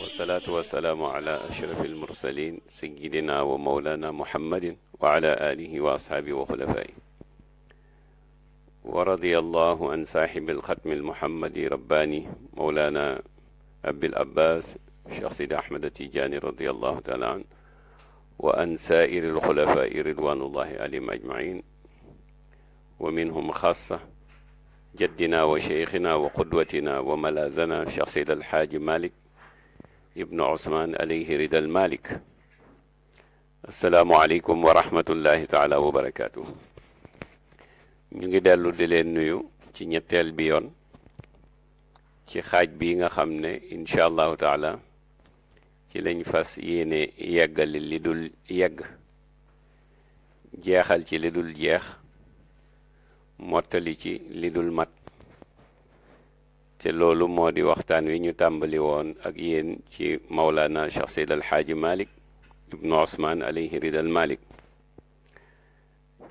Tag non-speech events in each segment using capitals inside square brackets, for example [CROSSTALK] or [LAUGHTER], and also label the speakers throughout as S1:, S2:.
S1: والصلاة والسلام على أشرف المرسلين سيدنا ومولانا محمد وعلى آله وأصحابه وخلفائه ورضي الله عن صاحب الختم المحمدي رباني مولانا أبي العباس الشيخ سيدي أحمد التيجاني رضي الله تعالى عنه وأن سائر الخلفاء رضوان الله عليهم أجمعين ومنهم خاصة jaddina wa cheikhina wa qudwatina wa malaazana cheikh seyd alxaaji malik ibnu osman alayhi ridal malik asalaamualeykum wa rahmatullahi taala wa barakaatuhu ñu ngi dellu di nuyu ci ñetteel bi yoon ci xaaj bi nga xam ne incha allahu taala ci lañ fas yéene yeggali li dul yegg jeexal ci li jeex mottali ci lidul mat te loolu moo di waxtaan wi ñu tàmbali woon ak yéen ci Maulana Cheikh Seyd Malik ibnu Osman alayhi ridal Malik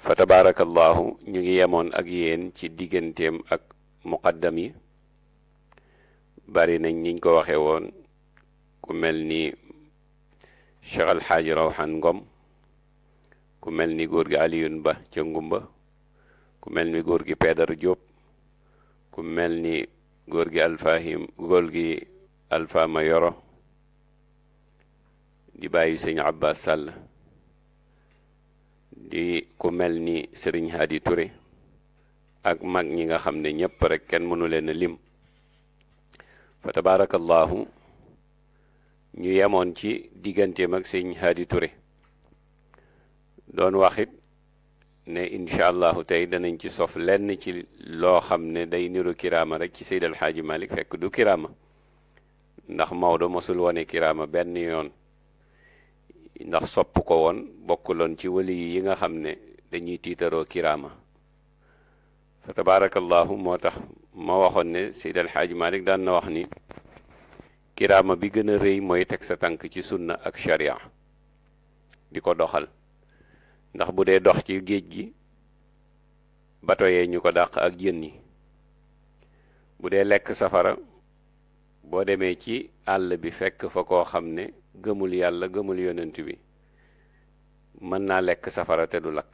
S1: fa tabaarakallaahu ñu ngi yemoon ak yéen ci digganteem ak muqaddam yi bari nañ niñ ko waxe woon ku mel ni Cheikh Alxaaji Rawxan Ngom ku mel ni góor Aliyun Ba ca Ngumba ku mel ni góor gi Peedar Jóob ku mel ni góor gi alfahim góor gi alfama yoro di bàyyi sëñ Abbas Sàll di ku mel ni sëriñ Hadi ak mag ñi nga xam ne ñépp rek kenn mënu leen lim fa tabaarakallaahu ñu yemoon ci diggante ak sëñ Hadi doon waxit ne incha allah tey danañ ci sof lenn ci loo xam ne day niru kiraama rek ci Seyd El malik Malick fekk du kiraama ndax Maodo mosul wane kiraama benn yoon ndax sopp ko woon bokkuloon ci wali yi nga xam ne dañuy tiitaroo kiraama fa tabaarakallahu moo tax ma waxoon ne Seyd El malik Malick daan na wax ni kiraama bi gën a rëy mooy teg sa tànk ci sunna ak sharia di ko doxal ndax bu dee dox ci géej gi bato yee ñu ko dàq ak jën yi bu dee lekk safara boo demee ci àll bi fekk fa koo xam ne gëmul yàlla gëmul yonent bi mën naa lekk safara te du lakk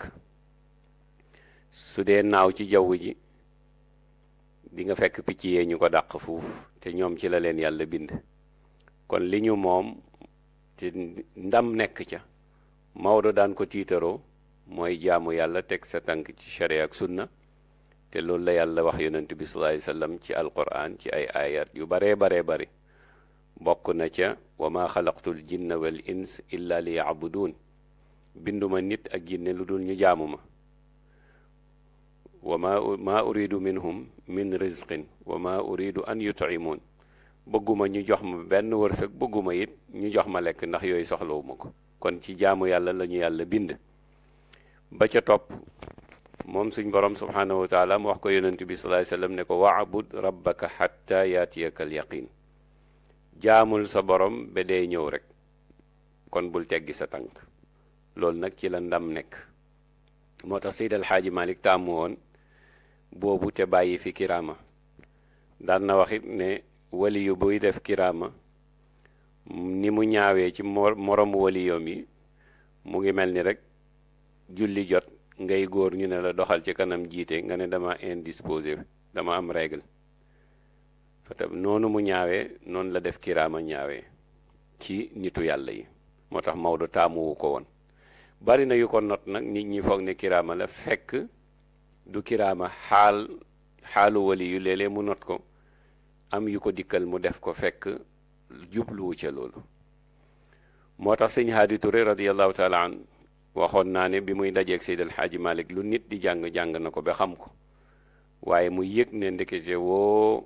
S1: su dee naaw ci jaww ji di nga fekk picc yee ñu ko dàq fuuf te ñoom ci la leen yàlla bind kon li ñu moom te ndam nekk ca Maodo daan ko tiitaroo mooy jaamu yàlla teg sa tànk ci sharia ak sunna te loolu la yàlla wax yonent bi sallallahu alayhi wasallam ci alquran ci ay ayat yu baree baree bari bokk na ca wa ma xalaqtul jinna wal ins illa li yabudun binduma nit ak jinne lu dul ñu jaamu ma wa ma maa uridu minhum min rizqin wa ma uridu an yut'imun bëgguma ñu jox ma benn wërsëg bëgguma it ñu jox ma lekk ndax yooyu soxlawuma ko kon ci jaamu yàlla lañu yàlla bind ba ca topp moom suñ borom subhaanahu wa taala mu wax ko yonent bi sallallahu alayhi wasallam ne ko waabud rabbaka xatta yaatiyaka al yaqin jaamul sa borom ba dee ñëw rek kon bul teggi sa tànk loolu nag ci la ndam nekk moo tax Seyd El Hadji Malick woon boobu te bàyyi fi kiraama daan na wax it ne wali buy def kiraama ni mu ñaawee ci moroom wali yoom mu ngi mel ni rek julli jot ngay góor ñu ne la doxal ci kanam jiite nga ne dama indisposé dama am règle fatab noonu mu ñaawee noonu la def kiraama ñaawe ci nitu yàlla yi moo tax Maodo taamuwu ko woon bari na yu ko not nag nit ñi foog ne kiraama la fekk du kiraama xaal xaalu wali yu léeg mu not ko am yu ko dikkal mu def ko fekk jubluwu ca loolu moo tax sëñ Haadi Touré radiyallahu taala an waxoon naa ne bi muy dajeeg Seydil Xaaji Malik lu nit di jàng-jàng na ko ba xam ko waaye mu yëg ne ndekete woo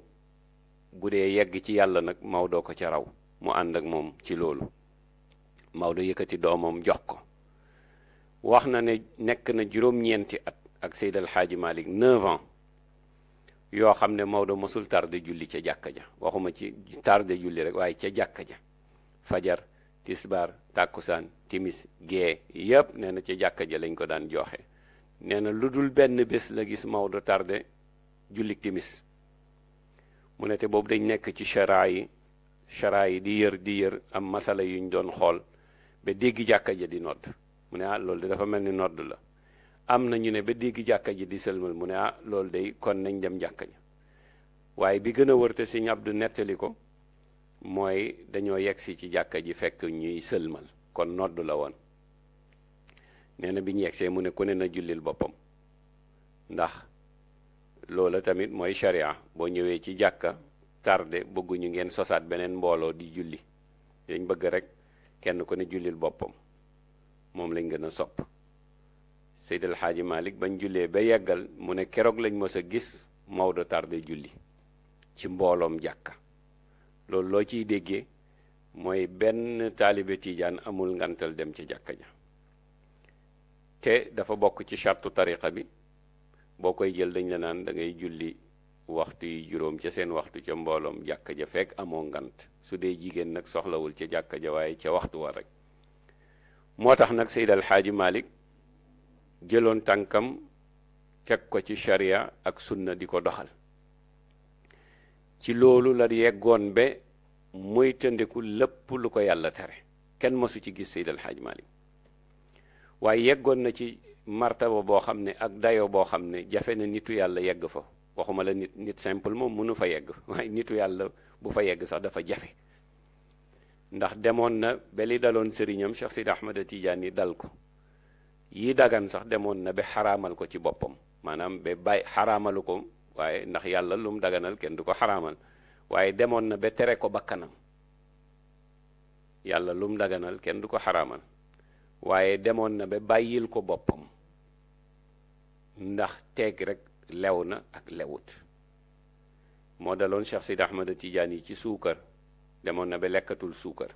S1: bu dee yegg ci yàlla nag Maodo ko ca raw mu ànd ak moom ci loolu Maodo yëkkati doomam jox ko wax na ne nekk na juróom-ñeenti at ak Seydil Xaaji Malik 9 ans yoo xam ne Maodo mosul tarde julli ca jàkka ja waxuma ci tarde julli rek waaye ca jàkka ja fajar tisbaar tàkkusaan timis gee yëpp nee na ci jàkka ja lañ ko daan joxe nee na lu dul benn bés la gis Maodo tardé jullik timis mu ne te boobu dañ nekk ci chara yi chara yi di yër di yër am masala yuñ doon xool ba dégg jàkka ja di nodd mu ne ah loolu de dafa mel ni nodd la am na ñu ne ba dégg jàkka ji di sëlmal mu ne a ah, loolu day kon nañ dem jàkka ja waaye bi gën a wërte sëñ Abdu nettali ko mooy dañoo yegsi ci jàkka ji fekk ñuy sëlmal kon nodd la woon nee na bi ñu yegsee mu ne ku ne na jullil boppam ndax loola tamit mooy sharia boo ñëwee ci jàkka tardé bëgguñu ngeen sosaat beneen mbooloo di julli dañ bëgg rek kenn ku ne jullil boppam moom lañ gën a sopp Seydil Xaaji Malik bañ jullee ba yeggal mu ne keroog lañ mës a gis Maodo tardé julli ci mbooloom jàkka loolu loo ciy déggee mooy benn taalibe tiijaan amul ngantal dem ca jàkka ja te dafa bokk ci chartu tariqa bi boo koy jël dañ la naan dangay julli waxtu yi juróom ca seen waxtu ca mbooloom jàkka ja fekk amoo ngant su dee jigéen nag soxlawul ca jàkka ja waaye ca waxtu wa rek moo tax nag Seydal Xaaji Malik jëloon tànkam teg ko ci sharia ak sunna di ko doxal ci loolu la yeggoon ba muy tëndiku lépp lu ko yàlla tere kenn mësu ci gis Seydal Hadj Malick waaye yeggoon na ci martaba boo xam ne ak dayo boo xam ne jafe na nitu yàlla yegg fa waxuma la nit simple moom mënu fa yegg [LAUGHS] waaye nitu yàlla bu fa yegg sax dafa jafe ndax demoon na ba li daloon sëriñam Cheikh Sidi Ahmad Tidiane dal ko yi dagan sax demoon na ba xaraamal ko ci boppam maanaam ba bàyyi xaraamalu ko waaye ndax yàlla lu daganal kenn du ko xaraamal waaye demoon na ba tere ko bakkanam yàlla lu mu daganal kenn du ko xaraamal waaye demoon na ba bàyyil ko boppam ndax teeg rek lew na ak lewut moo daloon Cheikh Sidi Ahmad tiijaan yi ci suukar demoon na ba lekkatul suukar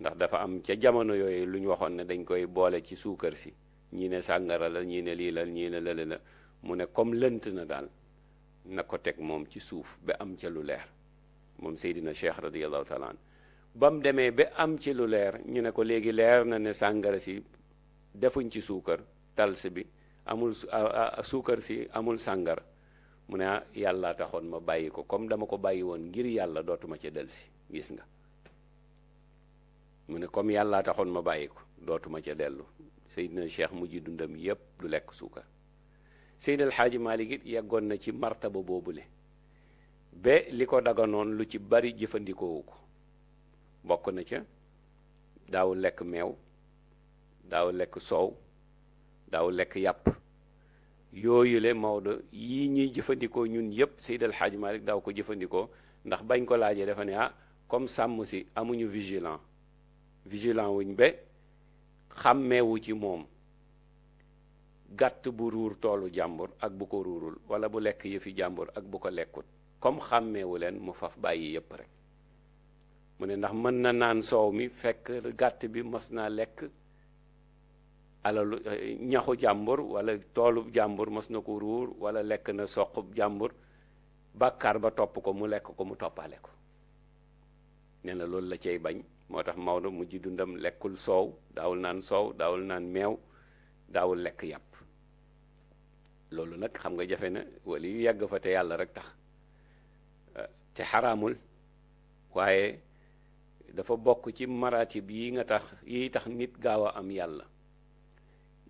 S1: ndax dafa am ca jamono yooyu lu ñu waxoon ne dañ koy boole ci suukar si ñii ne sàngara la ñii ne lii la ñii ne lële la mu ne comme lënt na daal na ko teg moom ci suuf ba am ca lu leer moom Seydina Cheikh radiyallahu taala an ba mu demee ba am ci lu leer ñu ne ko léegi leer na ne sàngara si defuñ ci suukar tals bi amul suukar si amul sàngara mu ne ah, yàlla taxoon ma bàyyi ko comme dama ko bàyyi woon ngir yàlla dootuma ca delsi gis nga mu ne comme yàlla taxoon ma bàyyi ko dootuma ca dellu Seydina Cheikh mujj dundam yépp lu lekk suukar Seydi El Hadji yeggoon na ci martaba le ba li ko daganoon lu ci bari jëfandikoowu ko bokk na ca daaw lekk meew daaw lekk soow daaw lekk yàpp yooyu yooyule Maodo yi ñuy jëfandikoo ñun yépp Seydi El Hadji Malick daaw ko jëfandikoo ndax bañ ko laajee dafa ne ah comme sàmm si amuñu vigilant vigilant wuñ ba xàmmeewu ci moom gàtt bu ruur toolu jàmbur ak bu ko ruurul wala bu lekk yëfi jàmbur ak bu ko lekkut comme xàmmeewu leen mu faf bàyyi yëpp rek mu ne ndax mën na naan soow mi fekk gàtt bi mos naa lekk alalu eh, ñaxu jàmbur walla toolu jàmbur mos na ko ruur wala lekk na soqub jàmbur bàkkaar ba topp ko mu lekk ko mu toppale ko nee na loolu la cay bañ moo tax Maodo ji dundam lekkul soow daawul naan soow daawul naan meew daawul lekk yàpp loolu nag xam nga jafe na wala yu yàgg fa te yàlla rek tax te xaramul waaye dafa bokk ci maratib yi nga tax yi tax nit gaaw a am yàlla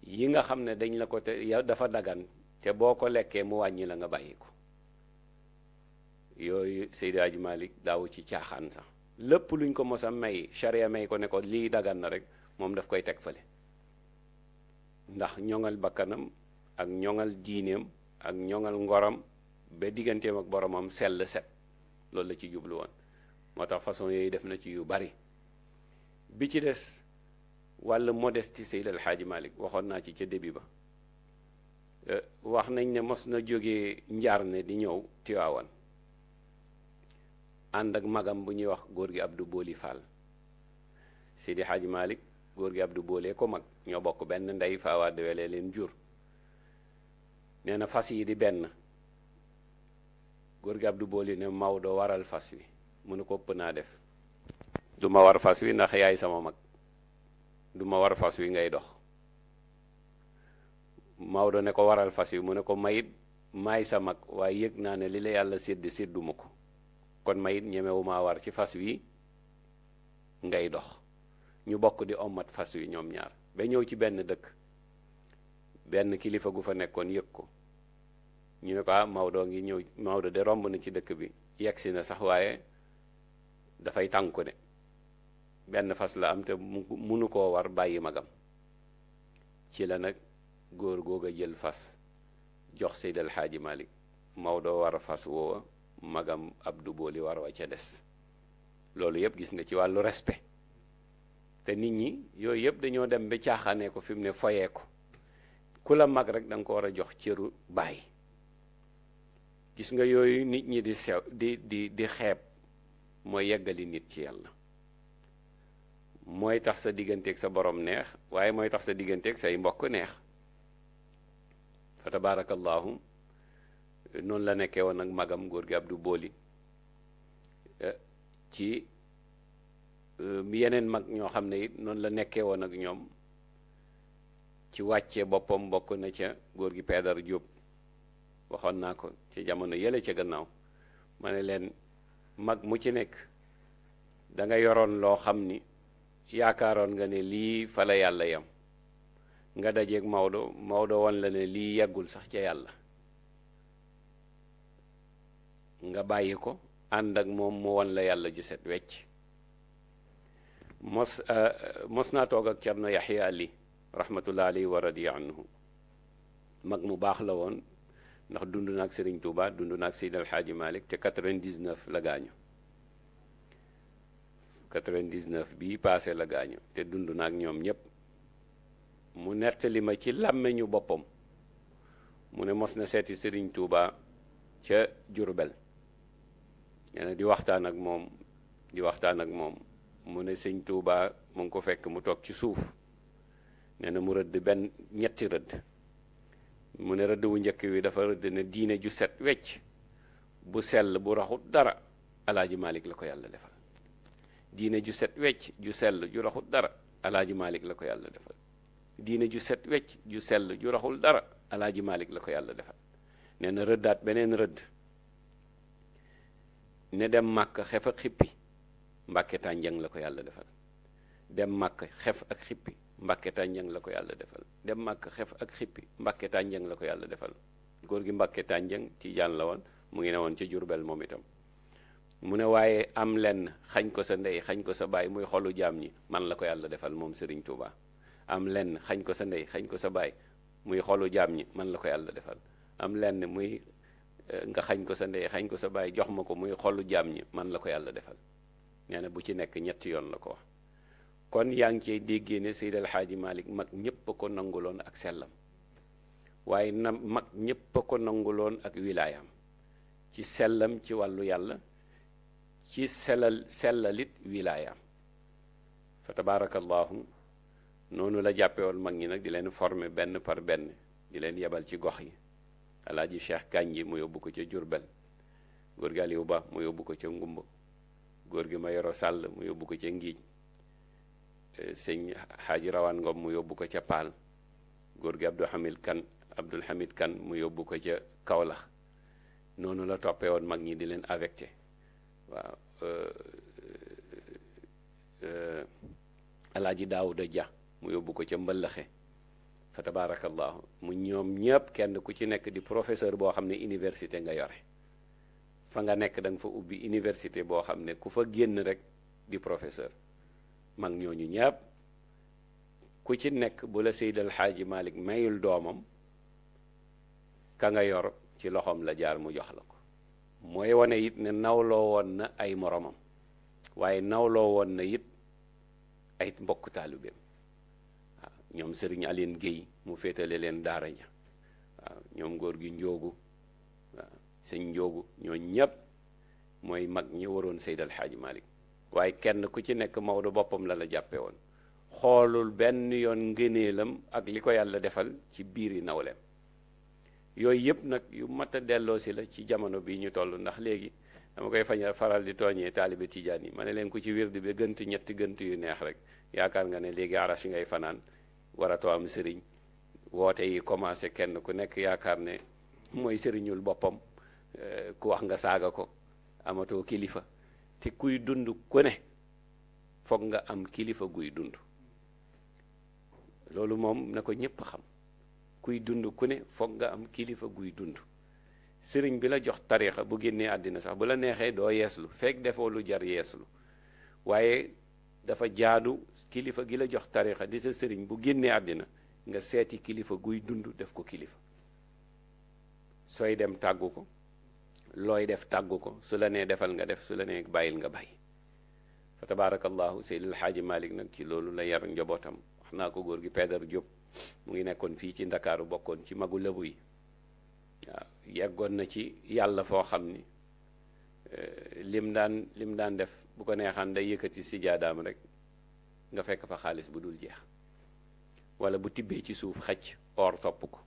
S1: yi nga xam ne dañ la ko te dafa daggan te boo ko lekkee mu wàññi la nga bàyyi ko yooyu Seydi Hadji Malick daaw ci caaxaan sax lépp luñ ko mos may charia may ko ne ko lii daggan na rek moom daf koy teg fale ndax ñoŋal bakkanam ak ñoŋal diineem ak ñoŋal ngoram ba digganteem ak boromam sell set loolu la ci jublu woon moo tax façon yooyu def na ci yu bari bi ci des wàllu modestie Seydi El Hadji Malick waxoon naa ci ca début ba euh, wax nañ ne mos na jóge njaar ne di ñëw Tiwaawan ànd ak magam bu ñuy wax góor gi ab du booli Fall Seydi Hadji malik góor gi ab du Boolee ko mag ñoo bokk benn ndey faawaadewele leen jur nee na fas yi di benn góor gi Abdou Boli ne Maodo waral fas wi mu ne ko ëpp naa def duma war fas wi ndax yaay sama mag duma ma war fas wi ngay dox Maodo ne ko waral fas wi mu ne ko mayit maay sa mag waaye yëg naa ne li la yàlla sédd sédduma ko kon mayit ñemewumaa war ci fas wi ngay dox ñu bokk di ommat fas wi ñoom ñaar ba ñëw ci benn dëkk benn kilifa gu fa nekkoon yëg ko ñu ne ko ah Maodo ngi ñëw Maodo de romb na ci dëkk bi yegsi na sax waaye dafay tànku ne benn fas la am te munu koo war bàyyi magam ci la nag góor googa jël fas jox Seydi El Hadji Malick Maodo war a fas woowa magam Abdou Booli war wa ca des loolu yëpp gis nga ci wàllu respe te nit ñi yooyu yëpp dañoo dem ba caaxaanee ko fi mu ne foyee ko ku la mag rek danga ko war a jox cëru bàyyi gis nga yooyu nit ñi di sew di di di xeeb mooy yeggali nit ci yàlla mooy tax sa digganteeg sa boroom neex waaye mooy tax sa digganteeg say mbokk neex fa tabaarakallaahu noonu la nekkee woon ak magam góor gi ab du Booli eh, ci eh, yeneen mag ñoo xam ne it noonu la nekkee woon ak ñoom ci wàcce boppam mbokk na ca góor gi Peedar Jóob waxoon naa ko ci jamono yële ca gannaaw ma ne leen mag mu ci nekk da yoroon loo xam ni yaakaaroon nga ne lii fa la yàlla yam nga dajeeg Maodo Maodo woon la ne lii yeggul sax ca yàlla nga bàyyi ko ànd ak moom mu woon la yàlla ju set wecc mos euh, mos naa toog ak Cerno Yaxya Ali rahmatullah alayhi wa radiya anhu mag mu baax la woon ndax dund naag Serigne Touba dund naag Seydi El Hadji Malick ca 99 la gaañu 99 bii paase la gaañu te dund ak ñoom ñëpp mu nettali ma ci làmmeñu boppam mu ne mos na seeti Serigne Touba ca Jurbel nee di waxtaan ak moom di waxtaan ak moom mu ne sëñ Touba mu ngi ko fekk mu toog ci suuf nee na mu rëdd benn ñetti rëdd. mu ne rëdd wu njëkk wi dafa rëdd ne diine ju set wecc bu sell bu raxut dara alaaji malik la ko yàlla defal diine ju set wecc ju sell ju raxut dara alaaji Malick la ko yàlla defal diine ju set wecc ju sell ju dara alaaji Malick la ko yàlla defal nee na rëddaat beneen rëdd ne dem màkk xef ak xippi mbàkke tànjang la ko yàlla defal dem màkk xef ak xippi mbàkke tànjang la ko yàlla defal dem màkk xef ak xippi mbàkke tànjang la ko yàlla defal góor gi mbàkke tànjang tijaan la woon mu ngi ne woon ci jurbel moom itam mu ne waaye am lenn xañ ko sa ndey xañ ko sa baay muy xolu jaam ñi man la ko yàlla defal moom Serigne Touba am lenn xañ ko sa ndey xañ ko sa baay muy xolu jaam ñi man la ko yàlla defal am lenn muy eh, nga xañ ko sa ndey xañ ko sa baay jox ma ko muy xolu jaam ñi man la ko yàlla defal nee na bu ci nekk ñetti yoon la ko wax kon yaa ngi cey déggee ne Seyd Alxaaji Malik mag ñépp a ko nanguloon ak sellam waaye na mag ñépp a ko nanguloon ak wilaayam ci sellam ci wàllu yàlla ci selal sellalit wilaayam fa tabaarakallaahu noonu la jàppe mag ñi nag di leen former benn par benn di leen yebal ci gox yi alaaji Cheikh Kànji mu yóbbu ko ca Jurbel góor gi Aliou Ba mu yóbbu ko ca Ngumba góor gi ma yoro Sàll mu yóbbu ko ca Ngiij Eh, sëñ xaaji rawaan Ngom mu yóbbu ko ca Paal góor gi Abdou Hamid Kan Abdoul Hamid Kan mu yóbbu ko ca Kaolack noonu la toppee woon mag ñi di leen avecté waaw euh, euh, euh, alaaji a Ja mu yóbbu ko ca Mbëllaxe fa tabaarakallaahu mu ñoom ñëpp kenn ku ci nekk di professeur boo xam ne université nga yore fa nga nekk da fa ubbi iniversité boo xam ne ku fa génn rek di professeur mag ñooñu ñépp ku ci nekk bu la Seydal Xaaji Malik mayul doomam ka nga yor ci loxoom la jaar mu jox la ko mooy wane it ne nawloo woon na ay moromam waaye nawloo woon na it ay mbokk taalibeem waaw ñoom Serigne Aline Guèye mu féetale leen daara ja waaw ñoom góor gi njoogu waaw sëñ njoogu ñoo ñépp mooy mag ñi waroon Seydal Xaaji Malik waaye kenn ku ci nekk Maodo boppam la la jàppe woon xoolul benn yoon ngëneelam ak li ko yàlla defal ci biir biiri nawleem yooyu yëpp nag yu mat a delloo si la ci jamono bi ñu toll ndax léegi dama koy fañ faral di tooñee taalibe tijaan yi ma ne leen ku ci wird bi gënt ñetti gënt yu neex rek yaakaar nga ne léegi arash ngay fanaan waratoo am sëriñ woote yi commencé kenn ku nekk yaakaar ne mooy sëriñul boppam eh, ku wax nga saaga ko amatoo kilifa te kuy dund ku ne foog nga am kilifa guy dund loolu moom na ko ñépp xam kuy dund ku ne foog nga am kilifa guy dund sëriñ bi la jox tarixa bu génnee àddina sax bu la neexee doo yeeslu fekk defoo lu jar yeeslu waaye dafa jaadu kilifa gi la jox tarixa di sa sëriñ bu génnee àddina nga seeti kilifa guy dund def ko kilifa sooy dem tàggu ko looy def tàggu ko su la nee defal nga def su la nee bàyyil nga bàyyi fa tabaarakallahu seydil xaaji malik nag ci loolu la yar njobootam wax naa ko góor gi Peedar Jóob mu ngi nekkoon fii ci ndakaaru bokkoon ci magu la yi waaw yeggoon na ci yàlla foo xam ni eh, lim daan lim daan def bu ko neexaan day yëkkati sijaadaam rek nga fekk fa xaalis bu dul jeex wala bu tibbee ci suuf xëcc or topp ko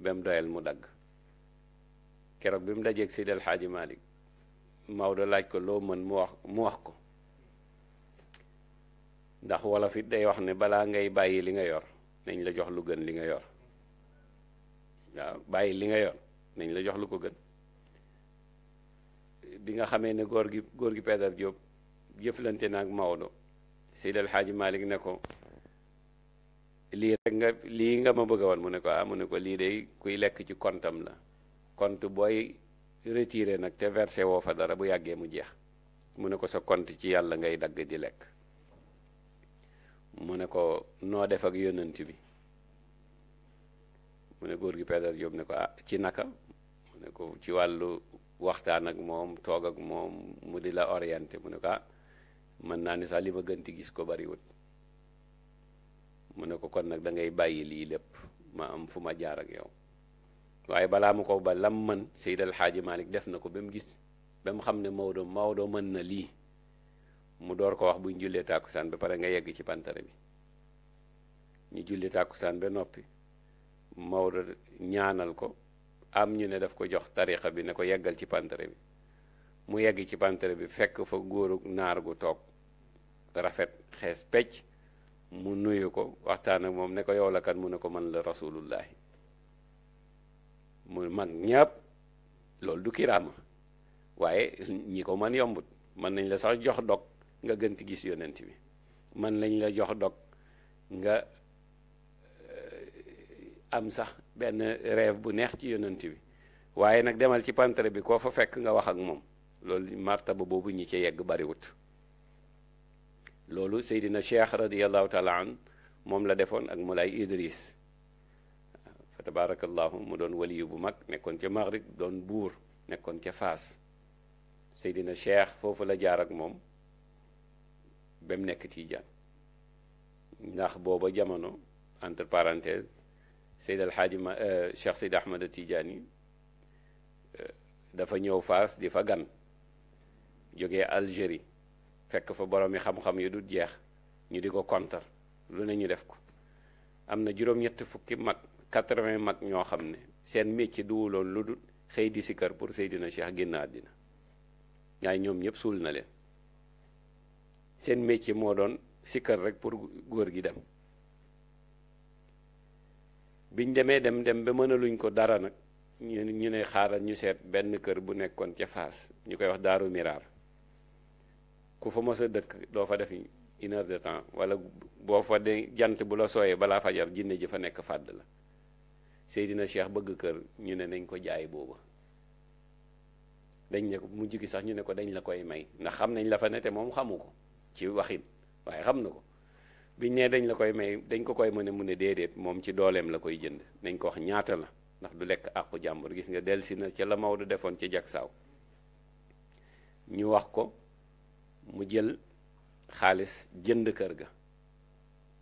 S1: ba mu doyal mu dagg keroog bi mu dajeeg Seydi El Hadji Malick Maodo laaj ko loo mën mu wax mu wax ko ndax wolof it day wax ne balaa ngay bàyyi li nga yor nañ la jox lu gën li nga yor waaw bàyyi li nga yor nañ la jox lu ko gën bi nga xamee ne góor gi góor gi Peedar Diop jëflante na ak Maodo Seydi El Hadji Malick ne ko lii rek nga lii nga ma bëgg a woon mu ne ko ah mu ne ko lii day kuy lekk ci kontam la compte booy retiré nag te versé woo fa dara bu yàggee mu jeex mu ne ko sa compte ci yàlla ngay dagg di lekk mu ne ko noo def ak yonent bi mu ne góor gi Pedar Jóob ne ko ah ci naka mu ne ko ci wàllu waxtaan ak moom toog ak moom mu di la orienté mu ne ko ah mën naa ni sax li ma gënti gis ko bariwut mu ne ko kon nag dangay bàyyi lii lépp ma am fu ma jaar ak yow waaye balaa mu ko ba lam mën Seydi El Hadji def na ko ba mu gis ba mu xam ne Maodo Maodo mën na lii mu door ko wax buñ jullee tàkkusaan ba pare nga yegg ci pantare bi ñu julli tàkkusaan ba noppi Maodo ñaanal ko am ñu ne daf ko jox tarixa bi ne ko yeggal ci pantare bi mu yegg ci pantare bi fekk fa góoru naar gu toog rafet xees pecc mu nuyu ko waxtaan ak moom ne ko yow la kan mu ne ko man la rasulullahi mu mag ñëpp loolu du kiraama waaye ñi ko man yombut mën nañ la sax jox dog nga gën ti gis yonent bi mën nañ la jox dog nga eh, am sax benn rêve bu neex ci yonent bi waaye nag demal ci pantre bi koo fa fekk nga wax ak moom loolu martaba boobu ñi ci yegg bariwut loolu Seydina Cheikh radiyallahu taala an moom la defoon ak Moulay Idris tabaarakallaahu mu doon waliyu bu mag nekkoon ca Maghrib doon buur nekkoon ca Faas Seydina Cheikh foofu la jaar ak moom ba mu nekk Tiijaan ndax booba jamono entre parenthèse Seyd Alxaaji ma euh, Cheikh Seyd Ahmad Tijaani euh, dafa ñëw Faas di fa gan jógee Algérie fekk fa boroomi xam-xam yu du jeex ñu di ko kontar lu ne ñu def ko am na juróom-ñetti fukki mag 80 mag ñoo xam ne seen métier duwuloon lu dul xëy di sikkar pour Seydina Cheikh génn àddina ñaay ñoom ñëpp suul na leen seen métier moo doon sikkar rek pour góor gi dem biñ demee dem dem ba luñ ko dara nag ñu ñu ne xaaral ñu seet benn kër bu nekkoon ca Faas ñu koy wax Daaru Miraar ku fa mos a dëkk doo fa def une heure de temps wala boo fa de jant bu la sooyee balaa fajar jinne ji fa nekk fàdd la Seydina Cheikh bëgg kër ñu ne nañ ko jaay booba dañ ne ko mujj gi sax ñu ne ko dañ la koy may ndax xam nañ la fa ne te moom xamu ko ci waxit waaye xam na ko biñ ne dañ la koy may dañ ko koy mën a mu ne déedéet moom ci dooleem la koy jënd nañ ko wax ñaata la ndax du lekk àqu jàmbur gis nga delsi na ca la Maodo defoon ca Jaksaaw ñu wax ko mu jël xaalis jënd kër ga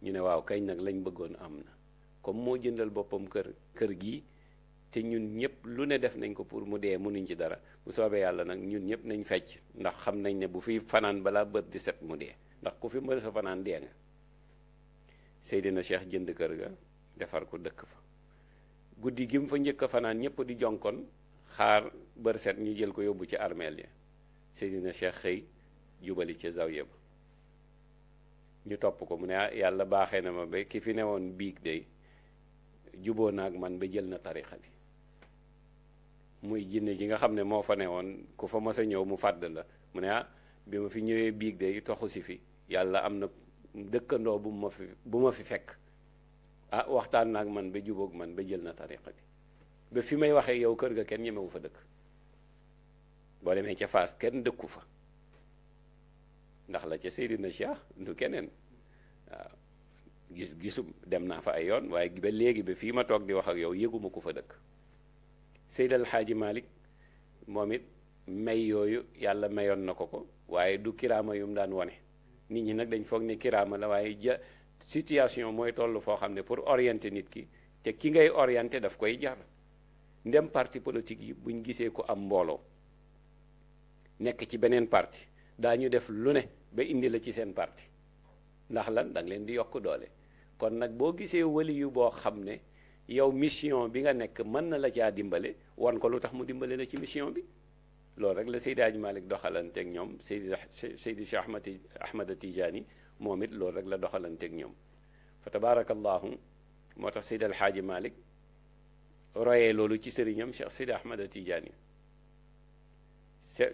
S1: ñu ne waaw kañ nag lañ bëggoon am na comme moo jëndal boppam kër kër gi te ñun ñëpp lu ne def nañ ko pour mu dee mënuñ ci dara bu soobee yàlla nag ñun ñëpp nañ fecc ndax xam nañ ne bu fi fanaan balaa bët di set mu dee ndax ku fi mën sa fanaan dee nga Seydina Cheikh jënd kër ga defar ko dëkk fa guddi gi mu fa njëkk a fanaan ñëpp di jonkon xaar bër set ñu jël ko yóbbu ci armeel ya Seydina Cheikh xëy jubali ca zawiya ba ñu topp ko mu ne ah, yàlla baaxe na ma ba ki fi woon biig day juboo na man ba jël na tarixa bi muy jinne ji nga xam ne moo fa ne woon ku fa mos a ñëw mu fàdd la mu ne ah bi ma fi ñëwee biig de toxu si fi yàlla am na dëkkandoo bu ma fi bu ma fi fekk ah waxtaan na man ba jubóog man ba jël na tarixa bi ba fi may waxee yow kër ga kenn ñemewu fa dëkk boo demee ca fas kenn dëkku fa ndax la ca Seydina Cheikh du keneen waaw gis gisum dem naa fa ay yoon waaye ba léegi ba fii ma toog di wax ak yow yëguma ko fa dëkk Seyd El Hadji moom it may yooyu yàlla mayoon na ko ko waaye du kiraama yu mu daan wone nit ñi nag dañ foog ne kiraama la waaye ja situation mooy toll foo xam ne pour orienter nit ki te ki ngay orienter daf koy jar ndem parti politique yi buñ gisee ko am mbooloo nekk ci beneen parti daañu def lu ne ba indi la ci seen parti ndax lan da leen di yokk doole kon nag boo gisee wali yu boo xam ne yow mission bi nga nekk mën na la caa dimbale wan ko lu tax mu dimbale la ci mission bi loolu rek la Seydi Hadji Malick doxalanteeg ñoom Seydi Seydi Cheikh Ahmad Ahmad Tijaani moom it loolu rek la doxalanteeg ñoom fa tabaarakallaahu moo tax Seydi El Hadji Malick royee loolu ci sëriñam Cheikh Seydi Ahmad Tijaani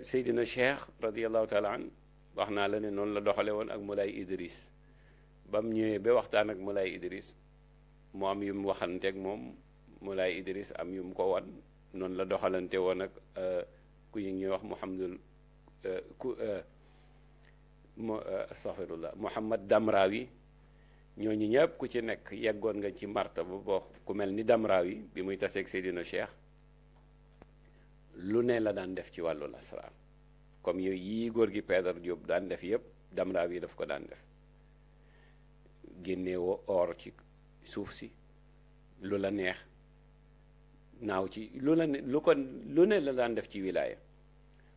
S1: Seydina Cheikh radiyallahu taala an wax naa la ne noonu la doxale woon ak Moulay Idris ba mu ñëwee ba waxtaan ak Moulay Idris mu am yu mu waxanteeg moom Moulay Idris am yu mu ko wan noonu la doxalante woon ak euh, ku ñu ñuy wax Mouhamadul euh, ku euh, astaghfirullah Mouhamad Damrawi ñooñu ñëpp ku ci nekk yeggoon nga ci marta ba boo ku mel ni yi bi muy taseeg Seydina Cheikh lu ne la daan def ci wàllu lasraar comme yooyu yi góor gi Pedar Diop daan def yëpp Damrawi daf ko daan def. génnewoo or ci suuf si lu la neex naaw ci lu la ne lu ko lu ne la daan def ci wilaaya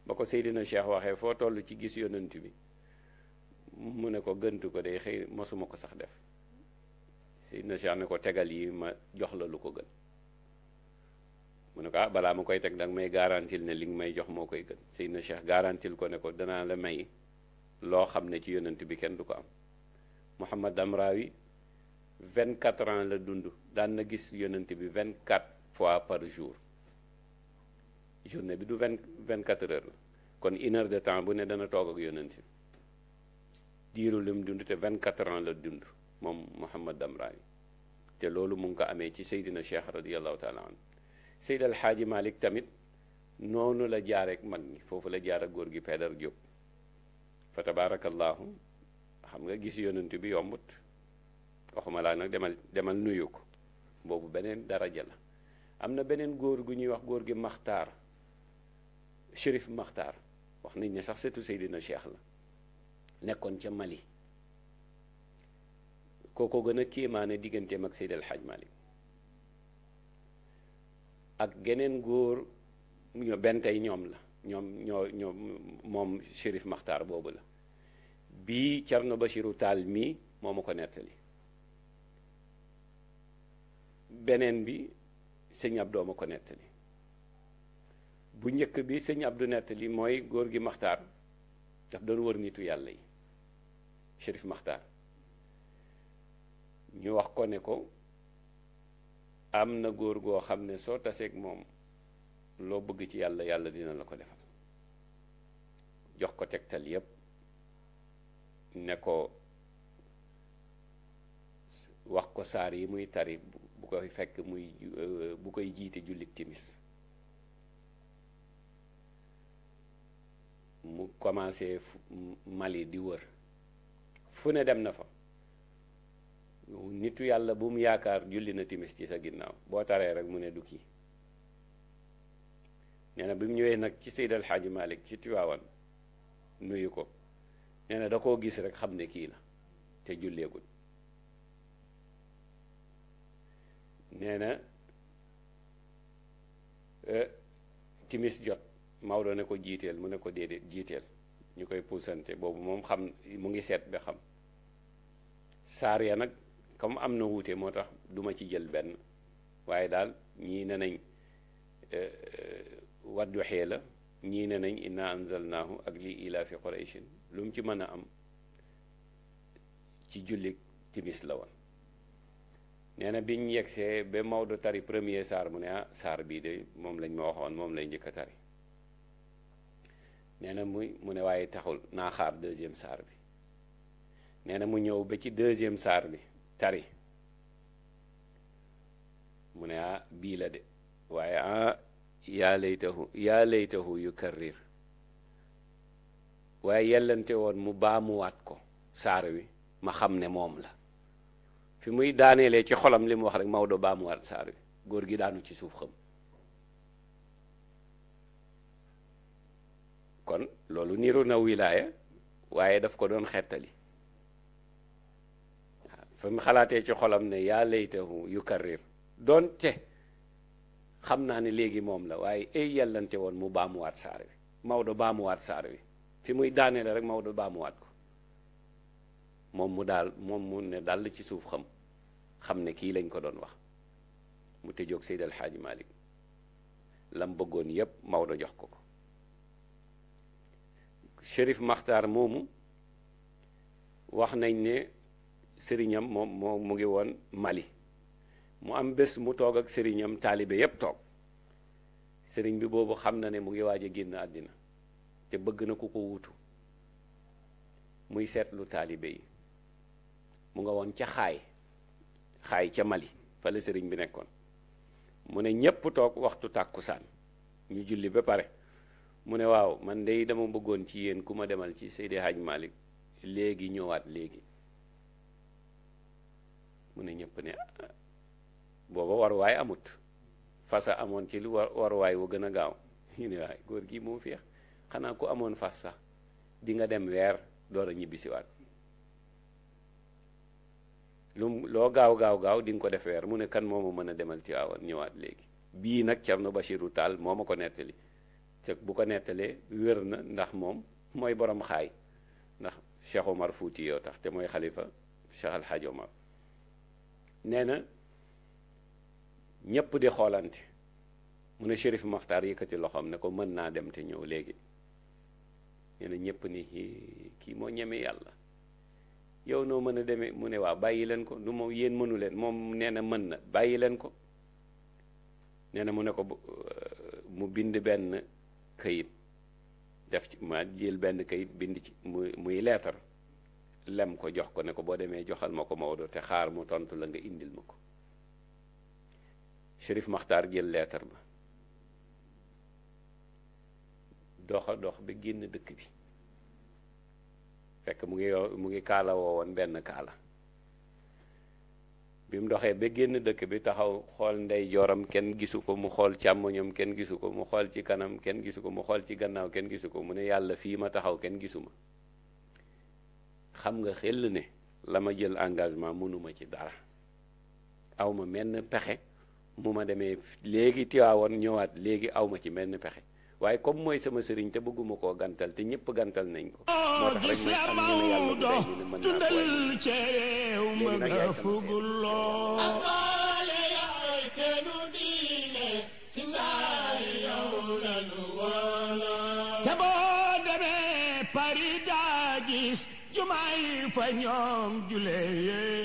S1: ba ko Seydina Cheikh waxee foo toll ci gis yonent bi mu ne ko gëntu ko day xëy mosuma ko sax def Seydina Cheikh ne ko tegal yi ma jox la lu ko gën mu ne ko ah balaa ma koy teg danga may garantil ne li nga may jox moo koy gën Seydina Cheikh garantil ko ne ko danaa la may loo xam ne ci yonent bi kenn du ko am Mouhamad Amraoui 24 ans la dund daan na gis yonent bi vingt 24 fois par jour journée bi du 20 24 heures la kon une heure de temps bu ne dana toog ak yonent bi diiru lim dund te 24 ans la dund moom Mouhamad Amraoui te loolu mu ngi ko amee ci Seydina Cheikh radiyallahu taala an Seydi El Hadji tamit noonu la jaaree ak mag ñi foofu la jaar ak góor gi Pedar Diop fa tabaarakallaahu xam nga gis yonent bi yombut waxuma laa nag demal demal nuyu ko boobu beneen daraja la am na beneen góor gu ñuy wax góor gi maxtaar shérif maxtaar wax nañ ne sax setu dina Cheikh la nekkoon ca Mali koo ko gën a kéemaane digganteem ak Seydi El xaj mali ak geneen góor ñoo benn tey ñoom la ñoom ñoo ñoom moom shérif maxtaar boobu la bii Thierno Bachirou Tall mii moom ma ko nettali beneen bi sëñ Abdou ma ko nettali bu njëkk bi sëñ Abdou nettali mooy góor gi Maxtaar daf doon wër nitu yàlla yi Chérif Maxtaar ñu wax ko ne ko am na góor goo xam ne soo taseeg moom loo bëgg ci yàlla yàlla dina la ko defal jox ko tegtal yépp ne ko wax ko saar yi muy tari bu koy fekk muy euh, bu koy jiite jullit timis mu commencé Mali di wër fu ne dem na fa nitu yàlla bu mu yaakaar julli na timis ci sa ginnaaw boo taree rek mu ne du kii nee na bi mu ñëwee nag ci Seydal Xaaji Malik ci Tiwaawan nuyu ko nee da koo gis rek xam ne kii la te julleeguñ nee na e, timis jot Maodo ne ko jiiteel mu ne ko déedéet jiiteel ñu koy puusante boobu moom xam mu ngi seet bi xam saar ya nag comme am na wuute moo tax duma ci jël benn waaye daal ñii ne nañ e, e, wadduxee la ñii ne nañ inna ak lii ilaa fi qurayshin lu mu ci mën a am ci jullik timis la woon nee na biñ yegsee ba Maodo tari premier saar mu ne ah saar bii de moom lañ ma waxoon moom lay njëkk a tari nee na muy mu ne waaye taxul naa xaar deuxième saar bi nee na mu ñëw ba ci deuxième saar bi tari mu ne ah bii la de waaye ah yaa laytahu yaa laytahu yukarrir waaye yellante woon mu baamuwaat ko saar wi ma xam ne moom la fi muy daaneelee ci xolam li mu wax rek Maodo baamuwaat saar wi góor gi daanu ci suuf xam kon loolu niru na wilaaya waaye daf ko doon xettali waaw mu xalaatee ci xolam ne yaa laytahu yukarrir doonte xam naa ne léegi moom la waaye ay yellante woon mu baamuwaat saar wi Maodo baamuwaat saar wi fi muy daaneele rek Maodo waat ko moom mu daal moom mu ne dal ci suuf xam xam ne kii lañ ko doon wax mu tëjoog Seydi El Hadji Malick lam bëggoon yépp Maodo jox ko ko Chérif Makhtar moomu wax nañ ne sëriñam moom moo mu ngi woon Mali mu am bés mu toog ak sëriñam taalibe yépp toog sëriñ bi boobu xam na ne mu ngi waaj a génn àddina te bëgg na ku ko wuutu muy seetlu taalibe yi mu nga woon ca xaay xaay ca Mali fa la sëriñ bi nekkoon mu ne ñépp toog waxtu tàkkusaan ñu julli ba pare mu ne waaw man dey dama bëggoon ci yéen ku ma demal ci Seydi Hadj Malick léegi ñëwaat léegi mu ne ñépp ne booba waruwaay amut fasa amoon ci lu war waruwaay wu gën a gaaw [LAUGHS] ñu ne waay góor gi moo féex xanaa ku amoon fas sax di nga dem weer door a ñibbisiwaat lu loo gaaw gaaw gaaw di ko def weer mu ne kan moo ma mën a demal Tiwaawan ñëwaat léegi bii nag Thierno Bachirou Tall moo ma ko nettali te bu ko nettalee wér na ndax moom mooy borom xaay ndax Cheikh Omar Fouti yoo tax te mooy xalifa Cheikh Al Hadj Omar nee na ñëpp di xoolante mu ne Chérif Makhtar yëkkati loxoom ne ko mën naa dem te ñëw léegi. nee na ñëpp ni kii moo ñemee yàlla yow noo mën a demee mu ne waaw bàyyi leen ko du moom yéen mënu leen moom nee na mën na bàyyi leen ko nee na mu ne ko euh, mu bind benn kayit def ci ma jël benn kayit bind ci muy muy leetar lem ko jox ko ne ko boo demee joxal ma ko Maodo te xaar mu tontu la nga indil ma ko Chérif Makhtar jël leetar ba doxa dox ba génn dëkk bi fekk mu ngi mu ngi kaala woo woon benn kaala bi mu doxee ba génn dëkk bi taxaw xool ndey jooram kenn gisu ko mu xool càmmoñam kenn gisu ko mu xool ci kanam kenn gisu ko mu xool ci gannaaw kenn gisu ko mu ne yàlla fii ma taxaw kenn gisu ma xam nga xel ne la ma jël engagement mënuma ci dara awma menn pexe mu ma demee léegi Tiwaawoon ñëwaat léegi awma ci menn pexe waaye comme mooy sama sëriñ te bëgguma koo gantal te ñëpp gantal nañ ko ah, moo tax rek may am ñu ne yàlla bu tey ñu ne mën naa ko léegi nag yaay sama sëriñ fa ñoom julee